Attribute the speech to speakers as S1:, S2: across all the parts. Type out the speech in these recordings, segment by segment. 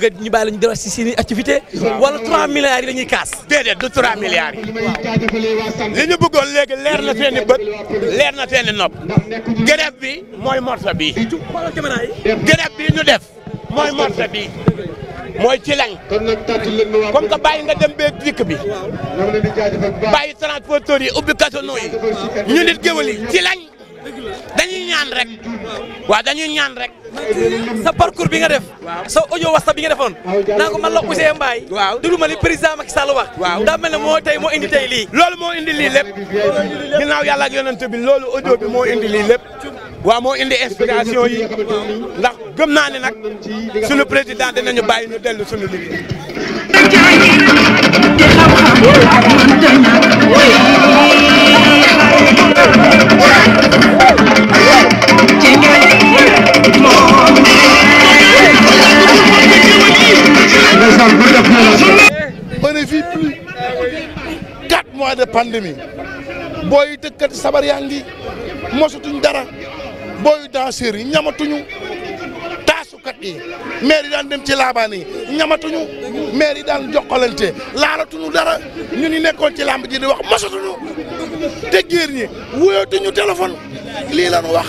S1: bëgg a ñu bàyyi la ñu delluwaat si seen i activité wala 3 milliards yi i bët leer na seen i nopp. bi mooy morso bi. grève bi ñu def mooy morso bi. mooy ci lañ comme que bàyyi nga dem beeg dikk bi bàyyi transporteurs yi ubbi kasano yi ñu nit géwël yi dañuy ñaan rek waaw dañuy ñaan rek sa parcours bi nga def sa audio whatsapp bi nga defoon naa ko man la Ouzin Mbaye waaw du lu ma li président Macky Sall wax daa mel ne moo tey moo indi tey lii loolu moo indi lii lépp ginnaaw yàlla ak yonent bi loolu audio moo indi lii lépp waa moo indi inspiration yi ndax gëm naa ne nag suñu président dinañu bàyyi ñu dellu suñu liggéey pandémie booy dëkkati sabar yaa ngi mosatuñ dara booy danseurs yi ñamatuñu taasukat yi maire yi daan dem ci laabaan yi ñamatuñu maire yi daan jokkalante laalatuñu dara ñu ni nekkoon ci làmb ji di wax mosatuñu te géer ñi wuyatuñu téléphone lii lañu wax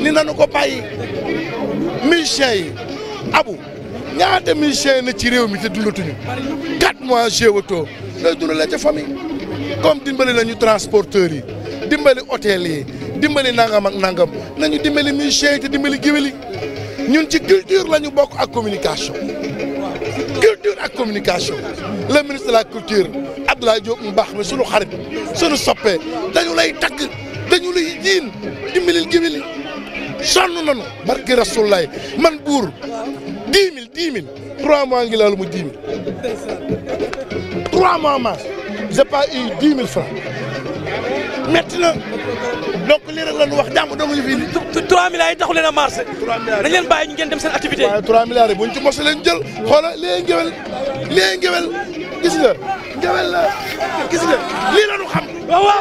S1: ni nañu ko bàyyi musiciens yi abu ñaata musicien na ci réew mi te dundatuñu quatre mois géwato day dundalee ca famille comme dimbali nañu transporteurs yi dimbali hôtel yi dimbali nangam ak nangam nañu dimbali musicien te dimbali géwél yi ñun ci culture la ñu bokk ak communication culture ak communication le ministre la culture Abdoulaye Diop mu baax mi suñu xarit suñu soppee dañu lay takk dañu lay jiin dimbalil géwél yi sonn nañu barki rasulullah man buur dix mille dix mille trois mois ngi laalu ma dix mille trois mois mars j'ai pas eu dix mille francs metti na donc lii wax jàmm dong ñu fii nii. 3 milliards yi taxu leen a marché. 3 milliards dañ dem seen activité yi. waaye 3 milliards yi buñ ci mos a leen jël. xoola lee ngewel lee ngewel gis nga ngewel la gis nga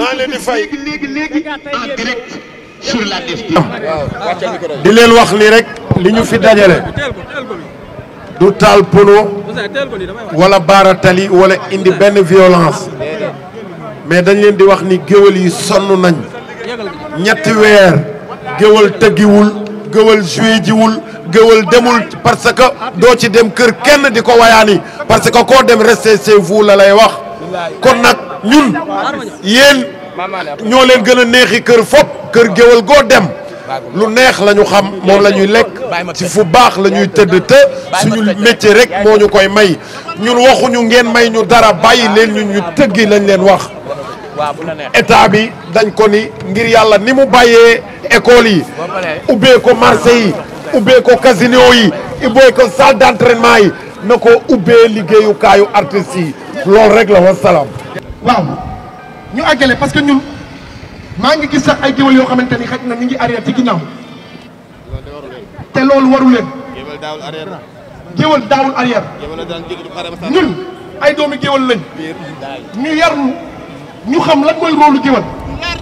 S1: maa leen di fay di leen wax ni rek li ñu fi dajale du taal pono wala baara tali wala indi benn violence mais dañ leen di wax ni géwël yi sonn nañ ñetti weer géwël tëggiwul géwël joué jiwul géwël demul parce que doo ci dem kër kenn di ko wayaani parce que koo dem rester chez vous la lay wax kon nag ñun yéen ñoo leen gën a neexi kër fop kër géwal goo dem lu neex lañu xam moom la ñuy lekk ci fu baax la ñuy tëdd te suñu métier rek moo ñu koy may ñun waxuñu ngeen may ñu dara bàyyi leen ñu ñu tëggi lañ leen wax état bi dañ ko ni ngir yàlla ni mu bàyyee école yi ubbee ko marché yi ubbee ko casino yi ubbee ko salle d'entraînement yi na ko ubbee liggéeyukaayu artistes yi loolu rek la wasalaam waaw ñu àggale parce que ñun maa ngi gis sax ay géwél yoo xamante ni xaj na ñu ngi arrière ci ginnaaw te loolu waru leen. géwél daawul arrière. géwél daawul arrière. ñun ay doomi géwél lañ. ñu yar ñu xam lan mooy rôle lu géwél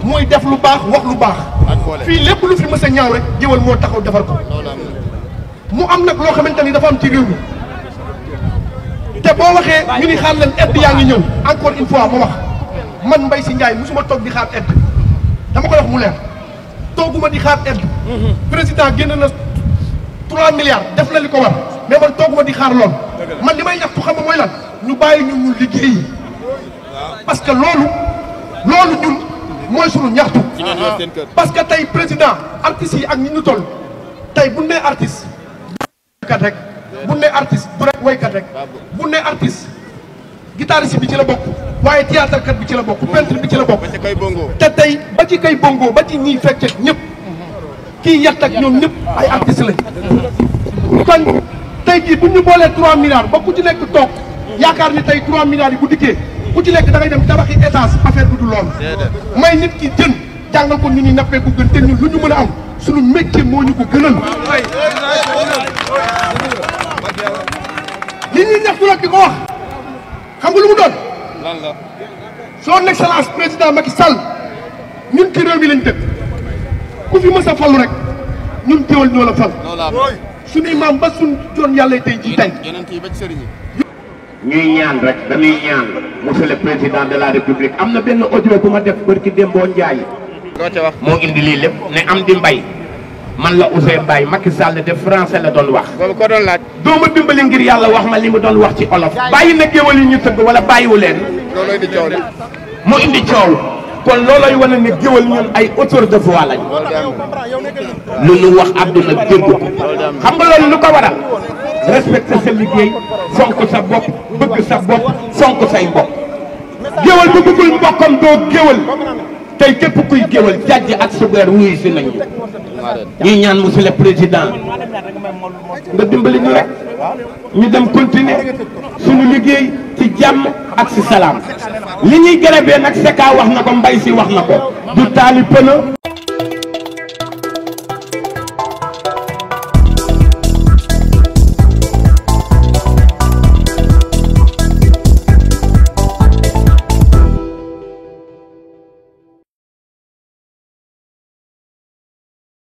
S1: mooy def lu baax wax lu baax. fii lépp lu fi mës a ñaaw rek géwél moo taxaw defar ko. mu am nag loo xamante ni dafa am ci réew te boo waxee ñu ni xaar leen edd yaa ngi ñëw encore une fois ma wax man Mbaye Sy Ndiaye musuma toog di xaar edd dama koy wax mu leer tooguma di xaar edd président génn na trois milliards def na li ko war mais man tooguma di xaar lool man li may ñaxtu xam nga mooy lan ñu bàyyi ñun ñu liggéey parce que loolu loolu ñun mooy sunu ñaxtu parce que tey président artistes yi ak ñu ñu toll tey bu nee artiste kat rek bu ne artiste du rek woykat rek bu ne artiste bi ci la bokk waaye théâtre kat bi ci la bokk peintre bi ci la bokk te tey ba ci kay bongo ba ci ñiy fecc ñëpp kii yatt ak ñoom ñëpp ay artiste lañ kon tey jii bu ñu boolee 3 milliards ba ku ci nekk toog yaakaar ni tey 3 milliards yi bu dikkee ku ci nekk da ngay dem tabaxi étage affaire bi du lool may nit ki jën jàngal ko ñu ni nappee ku gën te ñun lu ñu mën a am suñu métier moo ñu ko gënal li ñuy ñaxtu nag di ko wax xam nga lu mu doon. lan la. son excellence président Macky Sall ñun ci réew mi lañ dëkk ku fi mës a fallu rek ñun teewal ñoo la fal. suñuy maam ba suñ doon yàlla tey jii tey. ñuy ñaan rek dañuy ñaan monsieur le président de la république am na benn audio bu ma def barki Dembo Ndiaye. loo ca wax moo indi lii lépp ne am di mbay. man la Ousseyn Mbaye Macky Sall de français la doon wax. boobu ko doon laaj. doo ma dimbali ngir yàlla wax ma li mu doon wax ci olof. bàyyi na géwël yi ñu tëgg wala bàyyiwu leen. looloo indi coow mu indi coow. kon loolooy wane ne géwël ñun ay auteur de voix lañ. lu nu wax àdduna dégg ko. xam nga loolu lu ko waral. respecter sa liggéey fonk sa bopp bëgg sa bopp fonk say mbokk. géwël bu bëggul mbokkam doo géwël. tey képp kuy géwël jàjj ak sugeer wuyu si nañu. ñuy ñaan monsieur le président nga dimbali ñu rek ñu dem continuer suñu liggéey ci jàmm ak ci salaam li ñuy gërëbee nag Secka wax na ko Mbaye si wax na ko du taali pëna